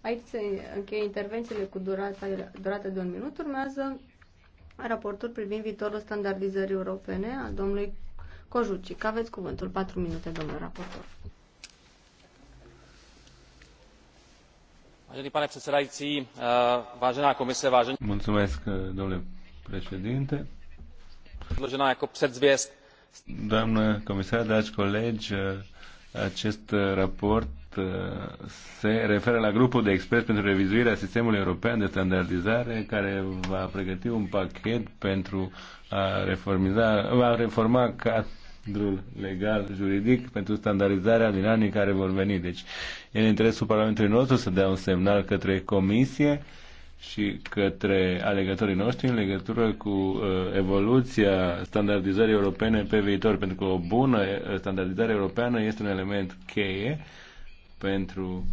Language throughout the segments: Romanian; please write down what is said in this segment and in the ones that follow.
Aici se încheie intervențiile cu durata, durată de un minut. Urmează raportul privind viitorul standardizării europene al domnului Că Aveți cuvântul. 4 minute, domnul raportor. Vážený pane předsedající, eh, vážená komise, vážení... Mulțumesc, eh, domnule președinte. Předložená jako předzvěst. Doamnă comisar, dragi colegi, eh, acest raport Uh, se referă la grupul de experți pentru revizuirea sistemului european de standardizare care va pregăti un pachet pentru a, reformiza, va reforma cadrul legal juridic pentru standardizarea din anii care vor veni. Deci e în interesul Parlamentului nostru să dea un semnal către Comisie și către alegătorii noștri în legătură cu uh, evoluția standardizării europene pe viitor, pentru că o bună uh, standardizare europeană este un element cheie uh, pentru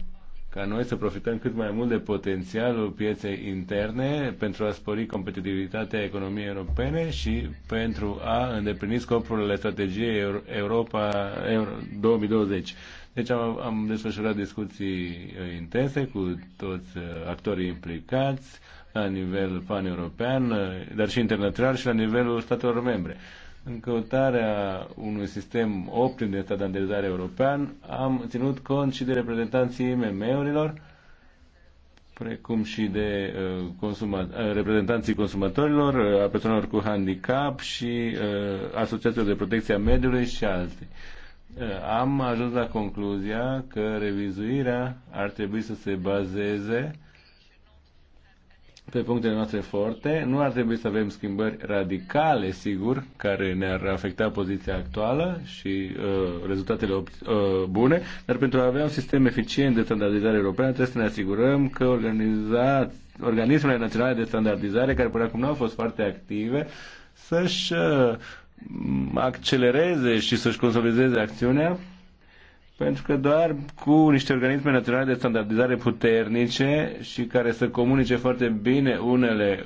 ca noi să profităm cât mai mult de potențialul pieței interne pentru a spori competitivitatea economiei europene și pentru a îndeplini scopurile strategiei Europa 2020. Deci am, am desfășurat discuții uh, intense cu toți uh, actorii implicați la nivel pan-european, uh, dar și internațional și la nivelul statelor membre. În căutarea unui sistem optim de standardizare european, am ținut cont și de reprezentanții IMM-urilor, precum și de uh, consuma, uh, reprezentanții consumatorilor, uh, a persoanelor cu handicap și uh, asociațiilor de protecție a mediului și alții. Uh, am ajuns la concluzia că revizuirea ar trebui să se bazeze pe punctele noastre forte. Nu ar trebui să avem schimbări radicale, sigur, care ne-ar afecta poziția actuală și uh, rezultatele uh, bune, dar pentru a avea un sistem eficient de standardizare europeană trebuie să ne asigurăm că organizați, organismele naționale de standardizare, care până acum nu au fost foarte active, să-și uh, accelereze și să-și consolideze acțiunea pentru că doar cu niște organisme naționale de standardizare puternice și care să comunice foarte bine unele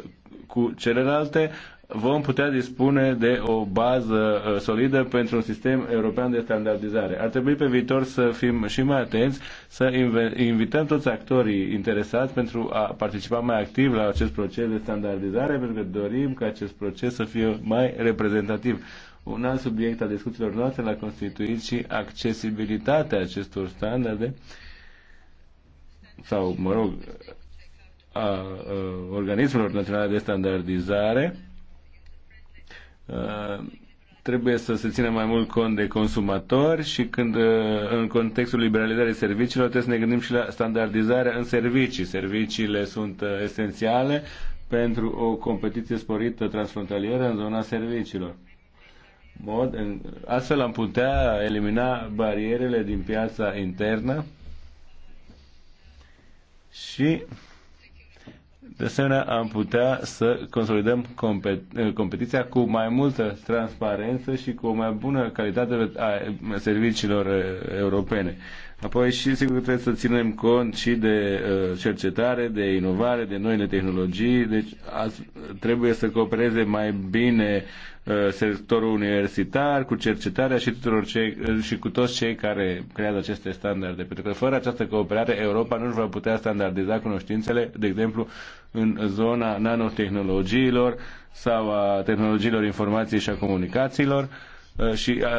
cu celelalte, vom putea dispune de o bază uh, solidă pentru un sistem european de standardizare. Ar trebui pe viitor să fim și mai atenți, să invităm toți actorii interesați pentru a participa mai activ la acest proces de standardizare, pentru că dorim ca acest proces să fie mai reprezentativ. Un alt subiect al discuțiilor noastre l-a constituit și accesibilitatea acestor standarde sau, mă rog, a, a organismelor naționale de standardizare. A, trebuie să se țină mai mult cont de consumatori și când în contextul liberalizării serviciilor trebuie să ne gândim și la standardizarea în servicii. Serviciile sunt esențiale pentru o competiție sporită transfrontalieră în zona serviciilor mod, în, astfel am putea elimina barierele din piața internă și de asemenea am putea să consolidăm compet- competiția cu mai multă transparență și cu o mai bună calitate a serviciilor uh, europene. Apoi și sigur că trebuie să ținem cont și de uh, cercetare, de inovare, de noile tehnologii, deci trebuie să coopereze mai bine Uh, sectorul universitar, cu cercetarea și, tuturor cei, uh, și cu toți cei care creează aceste standarde. Pentru că fără această cooperare, Europa nu își va putea standardiza cunoștințele, de exemplu, în zona nanotehnologiilor sau a tehnologiilor informației și a comunicațiilor uh, și a,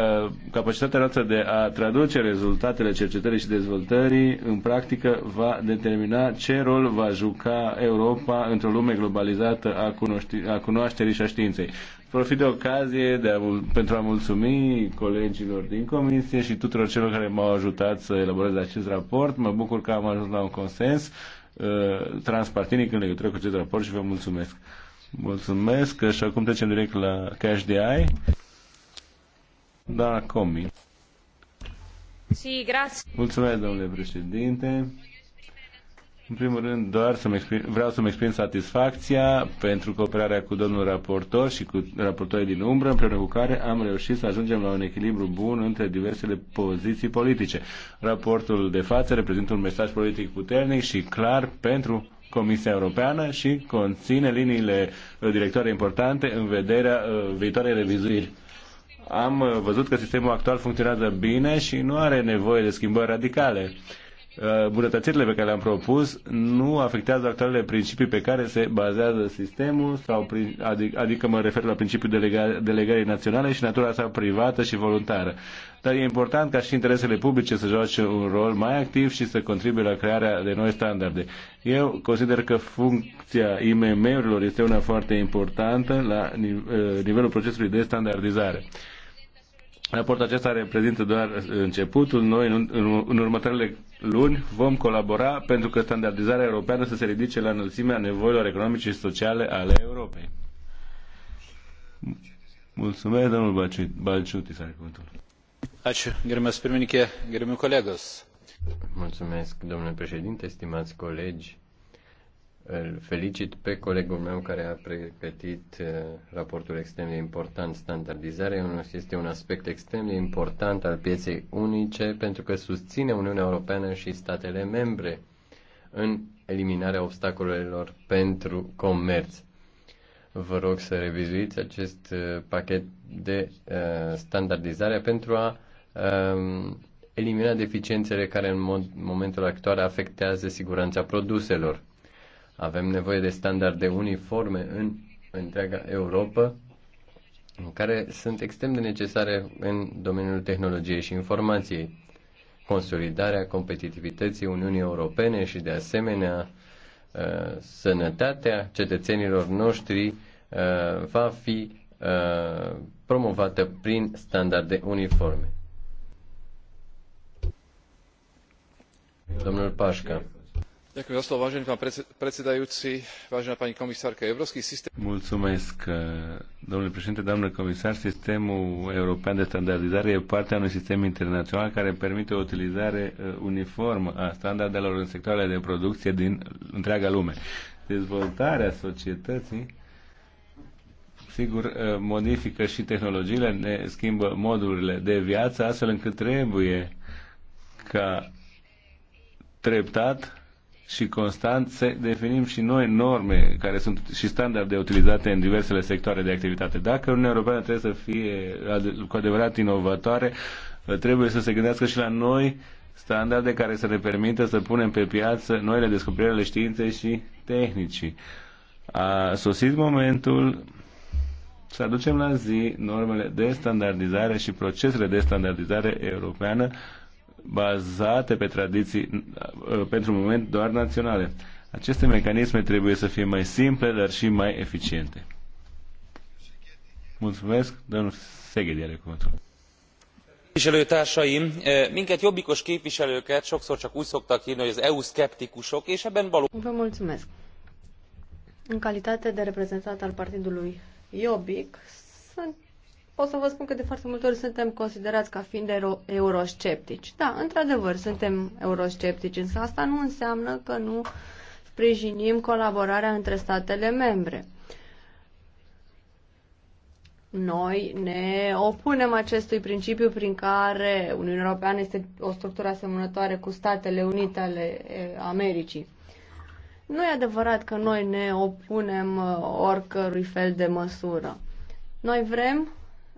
capacitatea noastră de a traduce rezultatele cercetării și dezvoltării în practică va determina ce rol va juca Europa într-o lume globalizată a, cunoști- a cunoașterii și a științei. Profit de ocazie de a, pentru a mulțumi colegilor din comisie și tuturor celor care m-au ajutat să elaborez acest raport. Mă bucur că am ajuns la un consens uh, transpartinic în legătură cu acest raport și vă mulțumesc. Mulțumesc și acum trecem direct la Cash da Doamna Comi. Sí, Mulțumesc, domnule președinte. În primul rând, doar să exprim, vreau să-mi exprim satisfacția pentru cooperarea cu domnul raportor și cu raportorii din umbră, împreună cu care am reușit să ajungem la un echilibru bun între diversele poziții politice. Raportul de față reprezintă un mesaj politic puternic și clar pentru Comisia Europeană și conține liniile uh, directoare importante în vederea uh, viitoarei revizuiri. Am uh, văzut că sistemul actual funcționează bine și nu are nevoie de schimbări radicale Uh, bunătățirile pe care le-am propus nu afectează actualele principii pe care se bazează sistemul, sau, adică, adică mă refer la principiul delega, delegării naționale și natura sa privată și voluntară. Dar e important ca și interesele publice să joace un rol mai activ și să contribuie la crearea de noi standarde. Eu consider că funcția IMM-urilor este una foarte importantă la uh, nivelul procesului de standardizare. Raportul acesta reprezintă doar începutul. Noi, în, în, în următoarele luni, vom colabora pentru că standardizarea europeană să se ridice la înălțimea nevoilor economice și sociale ale Europei. Mulțumesc, domnul Balciuti, să are cuvântul. Mulțumesc, domnule președinte, stimați colegi. Îl felicit pe colegul meu care a pregătit uh, raportul extrem de important. standardizare. este un aspect extrem de important al pieței unice pentru că susține Uniunea Europeană și statele membre în eliminarea obstacolelor pentru comerț. Vă rog să revizuiți acest uh, pachet de uh, standardizare pentru a um, elimina deficiențele care în momentul actual afectează siguranța produselor avem nevoie de standarde uniforme în întreaga Europa, care sunt extrem de necesare în domeniul tehnologiei și informației. Consolidarea competitivității Uniunii Europene și, de asemenea, uh, sănătatea cetățenilor noștri uh, va fi uh, promovată prin standarde uniforme. Domnul Pașca. Mulțumesc, eh, președinte, comisar. Sistemul european de standardizare este parte a unui sistem internațional care permite o utilizare eh, uniformă a standardelor în sectoarele de producție din întreaga lume. Dezvoltarea societății sigur, eh, modifică și tehnologiile, ne schimbă modurile de viață, astfel încât trebuie ca treptat și constant să definim și noi norme care sunt și standarde utilizate în diversele sectoare de activitate. Dacă Uniunea Europeană trebuie să fie cu adevărat inovatoare, trebuie să se gândească și la noi standarde care să ne permită să punem pe piață noile descoperiri ale științei și tehnicii. A sosit momentul să aducem la zi normele de standardizare și procesele de standardizare europeană bazate pe tradiții, uh, pentru moment, doar naționale. Aceste mecanisme trebuie să fie mai simple, dar și mai eficiente. Mulțumesc, domnul Seghedi are cuvântul. Képviselőtársaim, eh, minket jobbikos képviselőket sokszor csak úgy szoktak hívni, hogy az EU szkeptikusok, és ebben való... Vă mulțumesc. În calitate de reprezentant al partidului Jobbik, sunt pot să vă spun că de foarte multe ori suntem considerați ca fiind euro- eurosceptici. Da, într-adevăr, suntem eurosceptici, însă asta nu înseamnă că nu sprijinim colaborarea între statele membre. Noi ne opunem acestui principiu prin care Uniunea Europeană este o structură asemănătoare cu Statele Unite ale Americii. Nu e adevărat că noi ne opunem uh, oricărui fel de măsură. Noi vrem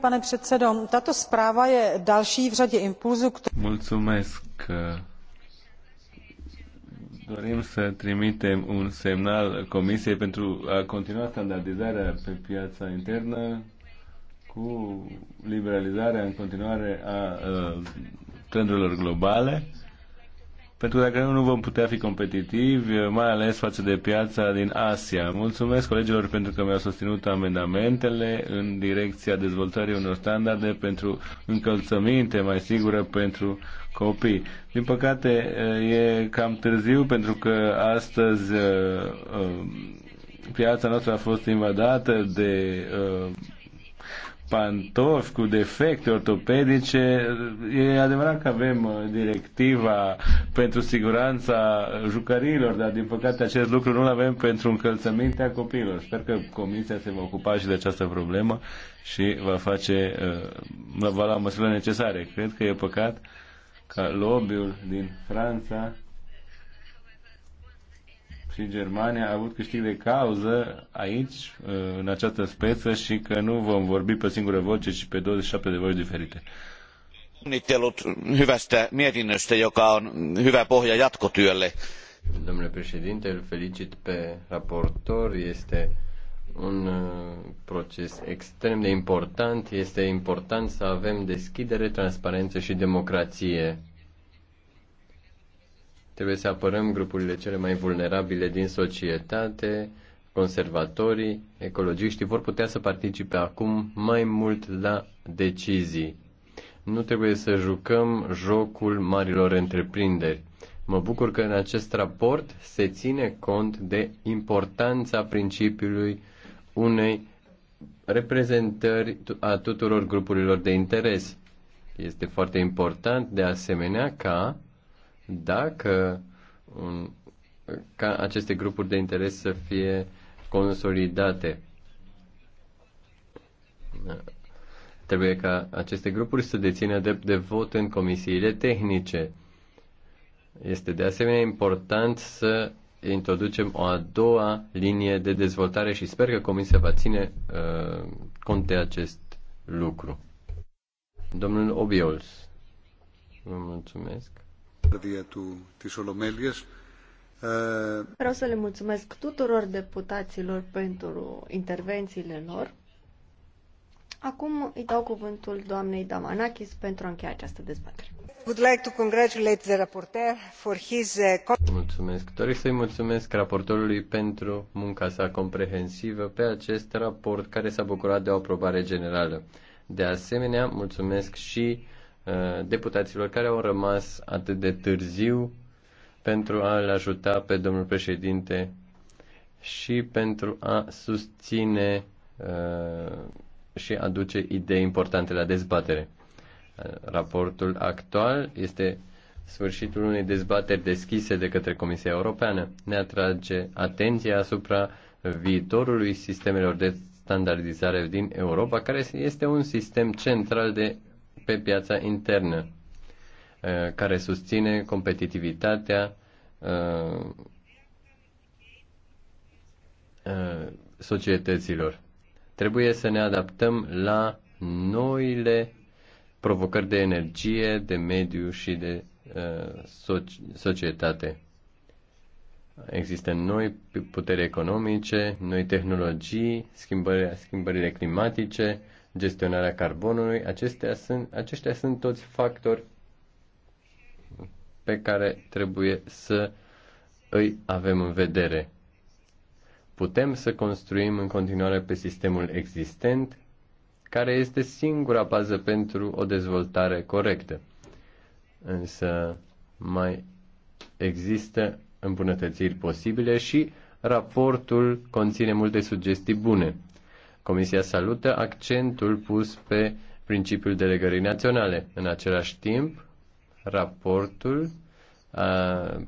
pane předsedající tato zpráva je další v řadě impulsů k tomu eh, dorim să trimitem un semnal Comisiei pentru a continua standardizarea pe piața internă cu liberalizarea în continuare a eh, trendurilor globale pentru că dacă nu, nu vom putea fi competitivi, mai ales față de piața din Asia. Mulțumesc colegilor pentru că mi-au susținut amendamentele în direcția dezvoltării unor standarde pentru încălțăminte mai sigură pentru copii. Din păcate, e cam târziu pentru că astăzi uh, uh, piața noastră a fost invadată de uh, pantofi cu defecte ortopedice. E adevărat că avem uh, directiva pentru siguranța jucărilor, dar din păcate acest lucru nu-l avem pentru încălțămintea copiilor. Sper că Comisia se va ocupa și de această problemă și va face, uh, va lua măsurile necesare. Cred că e păcat ca lobby-ul din Franța și Germania a avut câștig de cauză aici, uh, în această speță, și că nu vom vorbi pe singură voce, ci pe 27 de voci diferite. Onnittelut hyvästä mietinnöstä, joka on hyvä pohja jatkotyölle. Domnule președinte, îl felicit pe raportor. Este un uh, proces extrem de important. Este important să avem deschidere, transparență și democrație Trebuie să apărăm grupurile cele mai vulnerabile din societate, conservatorii, ecologiștii vor putea să participe acum mai mult la decizii. Nu trebuie să jucăm jocul marilor întreprinderi. Mă bucur că în acest raport se ține cont de importanța principiului unei reprezentări a tuturor grupurilor de interes. Este foarte important de asemenea ca dacă un, ca aceste grupuri de interes să fie consolidate. Trebuie ca aceste grupuri să dețină drept de vot în comisiile tehnice. Este de asemenea important să introducem o a doua linie de dezvoltare și sper că Comisia va ține uh, cont de acest lucru. Domnul Obiols, vă mulțumesc. Uh, Vreau să le mulțumesc tuturor deputaților pentru intervențiile lor. Acum îi dau cuvântul doamnei Damanakis pentru a încheia această dezbatere. Would like to congratulate the rapporteur for his uh, Mulțumesc. Doresc să-i mulțumesc raportorului pentru munca sa comprehensivă pe acest raport care s-a bucurat de o aprobare generală. De asemenea, mulțumesc și Uh, deputaților care au rămas atât de târziu pentru a-l ajuta pe domnul președinte și pentru a susține uh, și aduce idei importante la dezbatere. Uh, raportul actual este sfârșitul unei dezbateri deschise de către Comisia Europeană. Ne atrage atenția asupra viitorului sistemelor de standardizare din Europa, care este un sistem central de pe piața internă, uh, care susține competitivitatea, uh, uh, societăților. Trebuie să ne adaptăm la noile provocări de energie, de mediu și de societate. Există noi puteri economice, noi tehnologii, schimbările, schimbările climatice, gestionarea carbonului, acestea sunt, aceștia sunt toți factori pe care trebuie să îi avem în vedere. Putem să construim în continuare pe sistemul existent, care este singura bază pentru o dezvoltare corectă. Însă mai există îmbunătățiri posibile și raportul conține multe sugestii bune. Comisia salută accentul pus pe principiul delegării naționale. În același timp, raportul a,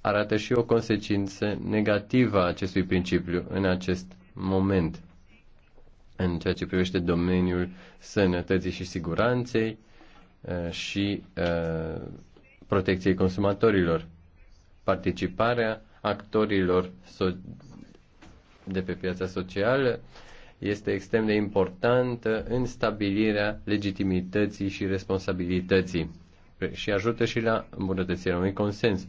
arată și o consecință negativă a acestui principiu în acest moment în ceea ce privește domeniul sănătății și siguranței și protecției consumatorilor, participarea actorilor de pe piața socială este extrem de importantă în stabilirea legitimității și responsabilității și ajută și la îmbunătățirea unui consens.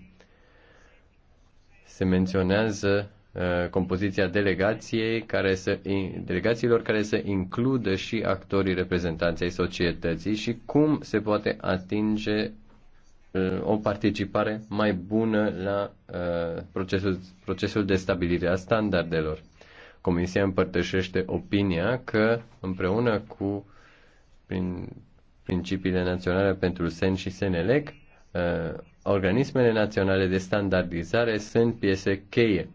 Se menționează uh, compoziția delegației care să, delegațiilor care să includă și actorii reprezentanței societății și cum se poate atinge uh, o participare mai bună la uh, procesul, procesul de stabilire a standardelor. Comisia împărtășește opinia că împreună cu prin principiile naționale pentru SEN și SENELEC, uh, organismele naționale de standardizare sunt piese cheie.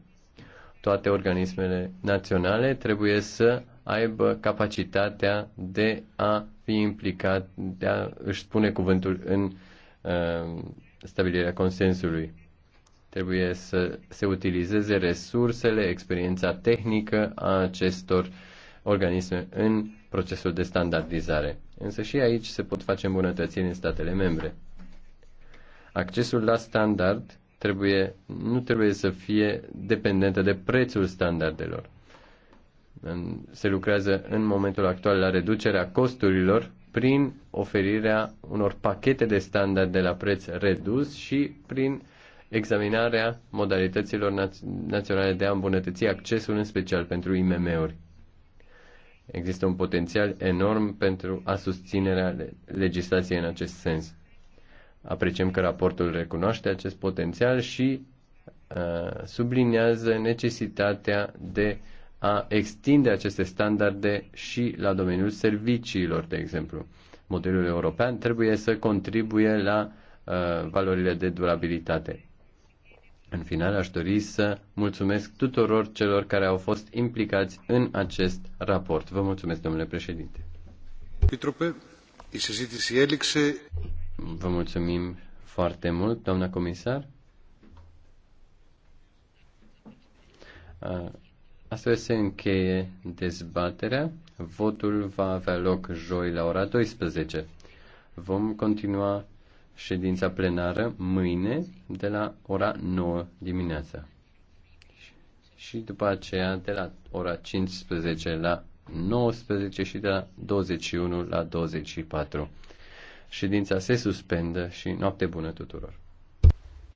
Toate organismele naționale trebuie să aibă capacitatea de a fi implicat, de a își spune cuvântul în uh, stabilirea consensului. Trebuie să se utilizeze resursele, experiența tehnică a acestor organisme în procesul de standardizare. Însă și aici se pot face îmbunătățiri în statele membre. Accesul la standard trebuie, nu trebuie să fie dependentă de prețul standardelor. Se lucrează în momentul actual la reducerea costurilor prin oferirea unor pachete de standarde la preț redus și prin examinarea modalităților naț- naționale de a îmbunătăți accesul în special pentru IMM-uri. Există un potențial enorm pentru a susținerea legislației în acest sens. Apreciem că raportul recunoaște acest potențial și uh, sublinează necesitatea de a extinde aceste standarde și la domeniul serviciilor, de exemplu. Modelul european trebuie să contribuie la uh, valorile de durabilitate. În final, aș dori să mulțumesc tuturor celor care au fost implicați în acest raport. Vă mulțumesc, domnule președinte. Vă mulțumim foarte mult, doamna comisar. Astfel se încheie dezbaterea. Votul va avea loc joi la ora 12. Vom continua ședința plenară mâine de la ora 9 dimineața și după aceea de la ora 15 la 19 și de la 21 la 24. Ședința se suspendă și noapte bună tuturor!